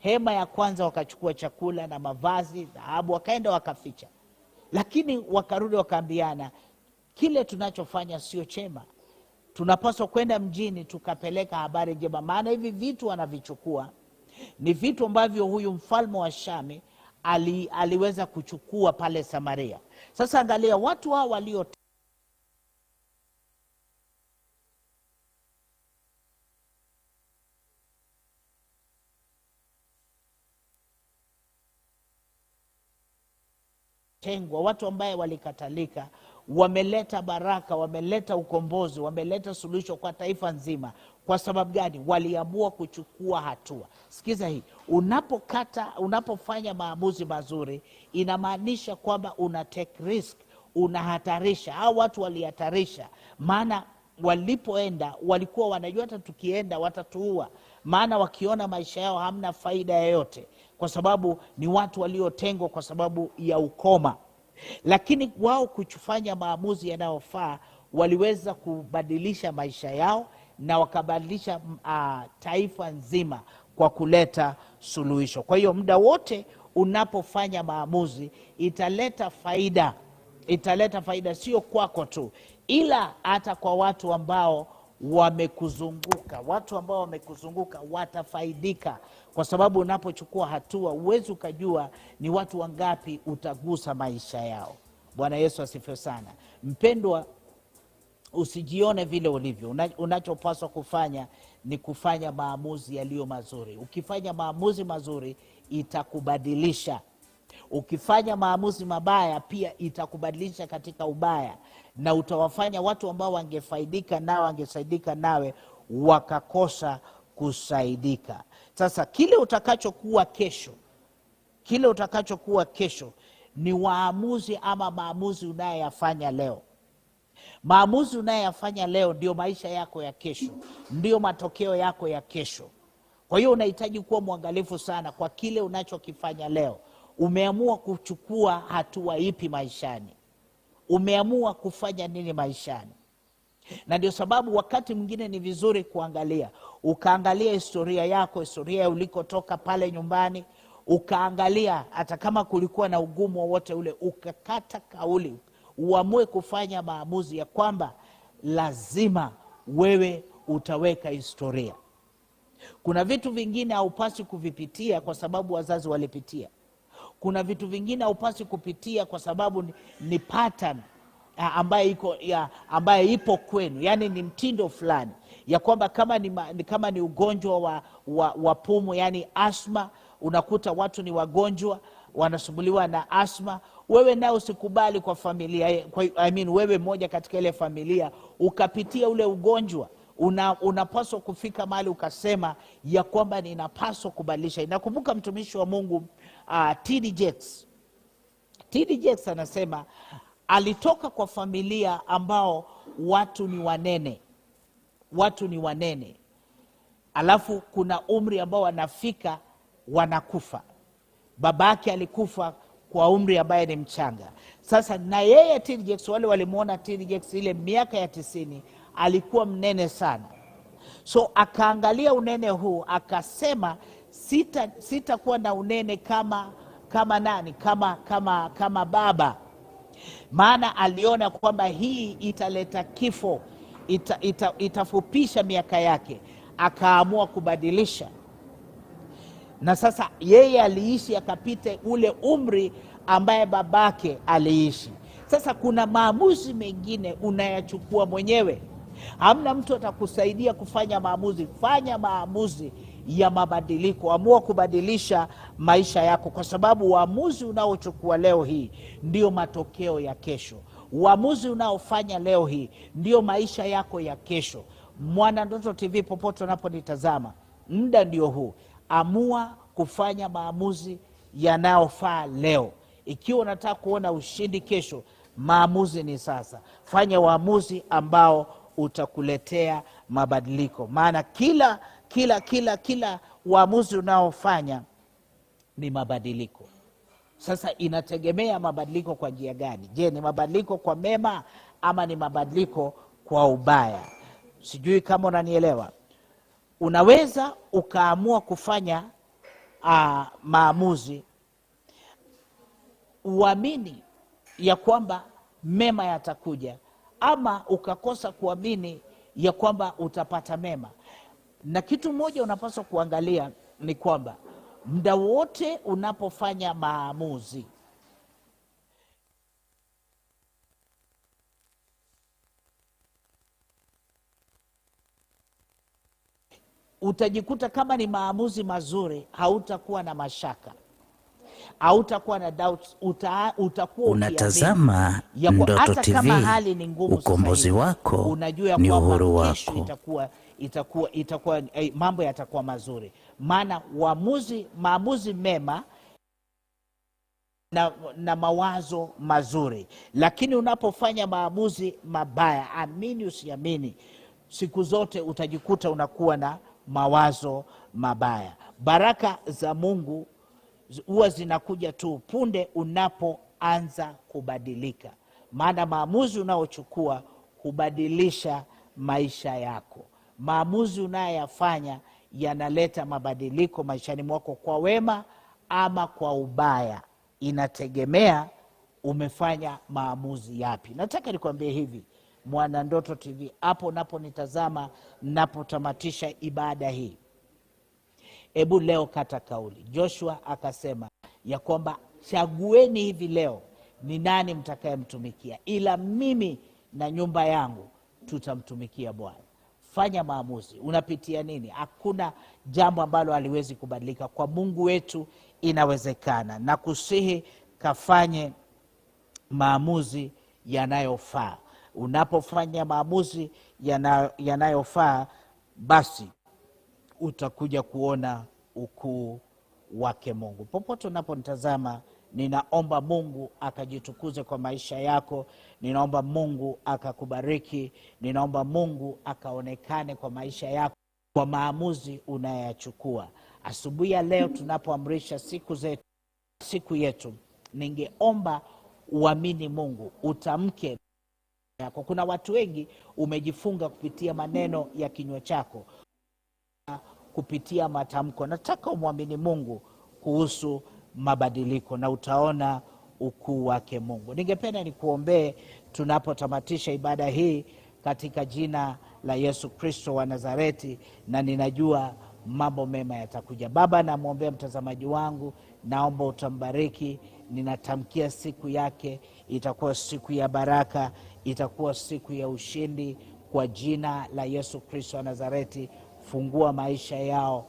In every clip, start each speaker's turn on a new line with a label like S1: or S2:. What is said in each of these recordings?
S1: hema ya kwanza wakachukua chakula na mavazi, dhahabu, wakaenda wakaficha, lakini wakarudi wakaambiana, kile tunachofanya sio chema, tunapaswa kwenda mjini tukapeleka habari njema, maana hivi vitu wanavichukua ni vitu ambavyo huyu mfalme wa Shami ali, aliweza kuchukua pale Samaria. Sasa angalia watu hao walio tengwa watu ambaye walikatalika wameleta baraka, wameleta ukombozi, wameleta suluhisho kwa taifa nzima. Kwa sababu gani? Waliamua kuchukua hatua. Sikiza hii, unapokata, unapofanya maamuzi mazuri, inamaanisha kwamba una take risk, unahatarisha. Hao watu walihatarisha, maana walipoenda walikuwa wanajua hata tukienda watatuua, maana wakiona maisha yao hamna faida yoyote kwa sababu ni watu waliotengwa kwa sababu ya ukoma, lakini wao kufanya maamuzi yanayofaa waliweza kubadilisha maisha yao na wakabadilisha uh, taifa nzima kwa kuleta suluhisho. Kwa hiyo muda wote unapofanya maamuzi italeta faida, italeta faida sio kwako tu, ila hata kwa watu ambao wamekuzunguka, watu ambao wamekuzunguka watafaidika, kwa sababu unapochukua hatua huwezi ukajua ni watu wangapi utagusa maisha yao. Bwana Yesu asifiwe sana. Mpendwa, usijione vile ulivyo. Unachopaswa kufanya ni kufanya maamuzi yaliyo mazuri. Ukifanya maamuzi mazuri itakubadilisha Ukifanya maamuzi mabaya, pia itakubadilisha katika ubaya, na utawafanya watu ambao wangefaidika nao wangesaidika nawe wakakosa kusaidika. Sasa kile utakachokuwa kesho, kile utakachokuwa kesho ni waamuzi ama maamuzi unayoyafanya leo. Maamuzi unayoyafanya leo ndio maisha yako ya kesho, ndiyo matokeo yako ya kesho. Kwa hiyo unahitaji kuwa mwangalifu sana kwa kile unachokifanya leo umeamua kuchukua hatua ipi maishani, umeamua kufanya nini maishani. Na ndio sababu wakati mwingine ni vizuri kuangalia, ukaangalia historia yako, historia ulikotoka pale nyumbani, ukaangalia hata kama kulikuwa na ugumu wowote ule, ukakata kauli, uamue kufanya maamuzi ya kwamba lazima wewe utaweka historia. Kuna vitu vingine haupasi kuvipitia kwa sababu wazazi walipitia. Kuna vitu vingine haupasi kupitia kwa sababu ni, ni pattern ambayo iko ya, ambayo ipo kwenu, yaani ni mtindo fulani ya kwamba kama ni, kama ni ugonjwa wa, wa, wa pumu yani asma, unakuta watu ni wagonjwa wanasumbuliwa na asma. Wewe naye usikubali kwa familia kwa, I mean, wewe mmoja katika ile familia ukapitia ule ugonjwa una, unapaswa kufika mahali ukasema ya kwamba ninapaswa kubadilisha. Inakumbuka mtumishi wa Mungu uh, ah, TD Jakes. TD Jakes anasema alitoka kwa familia ambao watu ni wanene, watu ni wanene, alafu kuna umri ambao wanafika wanakufa. Babake alikufa kwa umri ambaye ni mchanga. Sasa na yeye TD Jakes, wale walimwona TD Jakes ile miaka ya tisini alikuwa mnene sana, so akaangalia unene huu akasema sita sitakuwa na unene kama kama nani kama kama kama baba. Maana aliona kwamba hii italeta kifo, ita, ita, itafupisha miaka yake, akaamua kubadilisha. Na sasa yeye aliishi akapite ule umri ambaye babake aliishi. Sasa kuna maamuzi mengine unayachukua mwenyewe, hamna mtu atakusaidia kufanya maamuzi. Fanya maamuzi ya mabadiliko. Amua kubadilisha maisha yako, kwa sababu uamuzi unaochukua leo hii ndio matokeo ya kesho. Uamuzi unaofanya leo hii ndio maisha yako ya kesho. mwana ndoto TV, popote unaponitazama, muda ndio huu. Amua kufanya maamuzi yanayofaa leo. Ikiwa unataka kuona ushindi kesho, maamuzi ni sasa. Fanya uamuzi ambao utakuletea mabadiliko, maana kila kila kila kila uamuzi unaofanya ni mabadiliko. Sasa inategemea mabadiliko kwa njia gani? Je, ni mabadiliko kwa mema ama ni mabadiliko kwa ubaya? Sijui kama unanielewa. Unaweza ukaamua kufanya uh, maamuzi uamini ya kwamba mema yatakuja, ama ukakosa kuamini ya kwamba utapata mema. Na kitu moja unapaswa kuangalia ni kwamba muda wote unapofanya maamuzi utajikuta kama ni maamuzi mazuri, hautakuwa na mashaka hautakuwa na doubts,
S2: uta, utakuwa unatazama Ndoto TV. Ukombozi wako unajua ni uhuru wako,
S1: itakuwa itakuwa itakuwa eh, mambo yatakuwa mazuri, maana uamuzi maamuzi mema na, na mawazo mazuri. Lakini unapofanya maamuzi mabaya, amini usiamini, siku zote utajikuta unakuwa na mawazo mabaya. Baraka za Mungu huwa zinakuja tu punde unapoanza kubadilika, maana maamuzi unaochukua hubadilisha maisha yako. Maamuzi unayoyafanya yanaleta mabadiliko maishani mwako, kwa wema ama kwa ubaya, inategemea umefanya maamuzi yapi. Nataka nikuambie hivi, Mwanandoto TV, hapo naponitazama napotamatisha ibada hii Hebu leo kata kauli. Joshua akasema ya kwamba chagueni hivi leo ni nani mtakayemtumikia, ila mimi na nyumba yangu tutamtumikia Bwana. Fanya maamuzi, unapitia nini? Hakuna jambo ambalo haliwezi kubadilika kwa Mungu wetu, inawezekana. Na kusihi kafanye maamuzi yanayofaa. Unapofanya maamuzi yanayofaa, basi utakuja kuona ukuu wake Mungu. Popote unaponitazama, ninaomba Mungu akajitukuze kwa maisha yako, ninaomba Mungu akakubariki, ninaomba Mungu akaonekane kwa maisha yako, kwa maamuzi unayoyachukua asubuhi ya leo. Tunapoamrisha siku zetu, siku yetu, ningeomba uamini Mungu, utamke yako. Kuna watu wengi umejifunga kupitia maneno ya kinywa chako kupitia matamko. Nataka umwamini Mungu kuhusu mabadiliko na utaona ukuu wake Mungu. Ningependa nikuombee tunapotamatisha ibada hii katika jina la Yesu Kristo wa Nazareti, na ninajua mambo mema yatakuja. Baba, namwombea mtazamaji wangu, naomba utambariki. Ninatamkia siku yake itakuwa siku ya baraka, itakuwa siku ya ushindi kwa jina la Yesu Kristo wa Nazareti. Fungua maisha yao,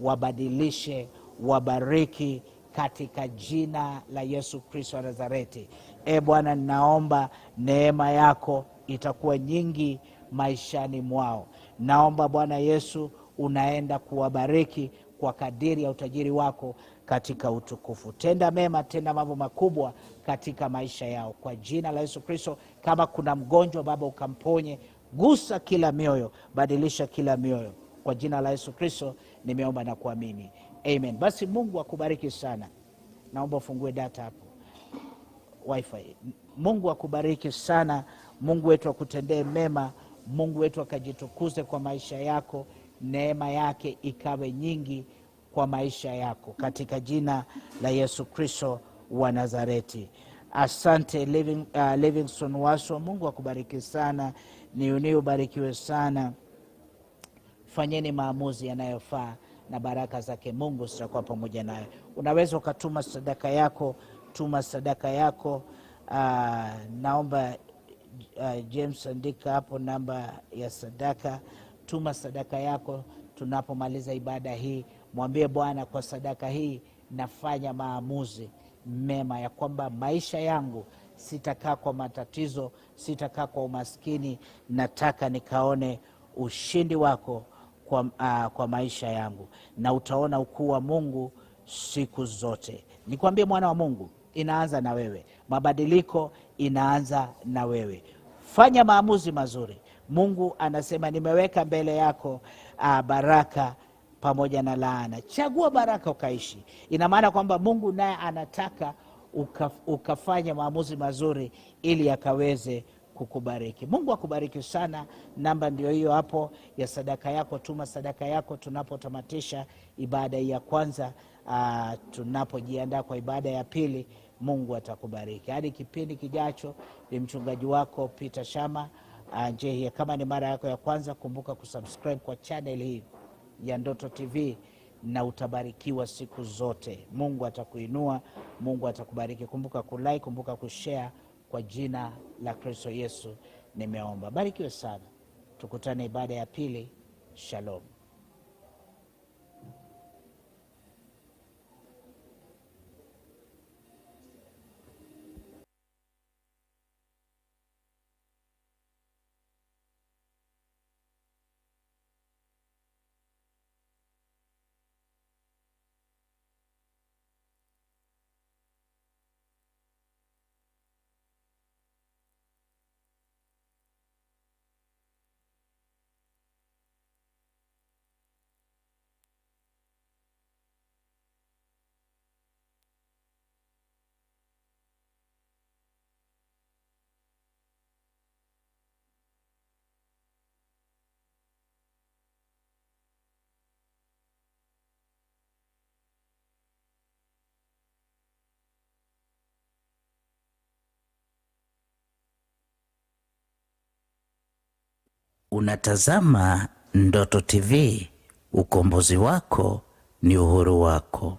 S1: wabadilishe, wabariki katika jina la Yesu Kristo wa Nazareti. E Bwana, ninaomba neema yako itakuwa nyingi maishani mwao. Naomba Bwana Yesu, unaenda kuwabariki kwa kadiri ya utajiri wako katika utukufu. Tenda mema, tenda mambo makubwa katika maisha yao kwa jina la Yesu Kristo. Kama kuna mgonjwa Baba, ukamponye, gusa kila mioyo, badilisha kila mioyo kwa jina la Yesu Kristo nimeomba na kuamini, amen. Basi Mungu akubariki sana. Naomba ufungue data hapo wifi. Mungu akubariki sana. Mungu wetu akutendee mema. Mungu wetu akajitukuze kwa maisha yako, neema yake ikawe nyingi kwa maisha yako, katika jina la Yesu Kristo wa Nazareti. Asante Living, uh, Livingstone Waswa, Mungu akubariki sana, niuni ubarikiwe sana fanyeni maamuzi yanayofaa na baraka zake Mungu zitakuwa pamoja nayo. Unaweza ukatuma sadaka yako, tuma sadaka yako. uh, naomba uh, James andika hapo namba ya sadaka, tuma sadaka yako. Tunapomaliza ibada hii, mwambie Bwana, kwa sadaka hii nafanya maamuzi mema ya kwamba maisha yangu sitakaa kwa matatizo, sitakaa kwa umaskini. Nataka nikaone ushindi wako kwa, uh, kwa maisha yangu na utaona ukuu wa Mungu siku zote. Nikwambie mwana wa Mungu, inaanza na wewe. Mabadiliko inaanza na wewe. Fanya maamuzi mazuri. Mungu anasema nimeweka mbele yako uh, baraka pamoja na laana. Chagua baraka ukaishi. Ina maana kwamba Mungu naye anataka uka, ukafanya maamuzi mazuri ili akaweze kukubariki. Mungu akubariki sana. Namba ndio hiyo hapo ya sadaka yako, tuma sadaka yako tunapotamatisha ibada hii ya kwanza. Uh, tunapojiandaa kwa ibada ya pili, Mungu atakubariki. Hadi kipindi kijacho, ni mchungaji wako Peter Shama uh, ah, Njehia. Kama ni mara yako ya kwanza, kumbuka kusubscribe kwa channel hii ya Ndoto TV na utabarikiwa siku zote. Mungu atakuinua, Mungu atakubariki. Kumbuka kulike, kumbuka kushare kwa jina la Kristo Yesu nimeomba. Barikiwe sana, tukutane ibada ya pili. Shalom. Unatazama Ndoto TV. Ukombozi wako ni uhuru wako.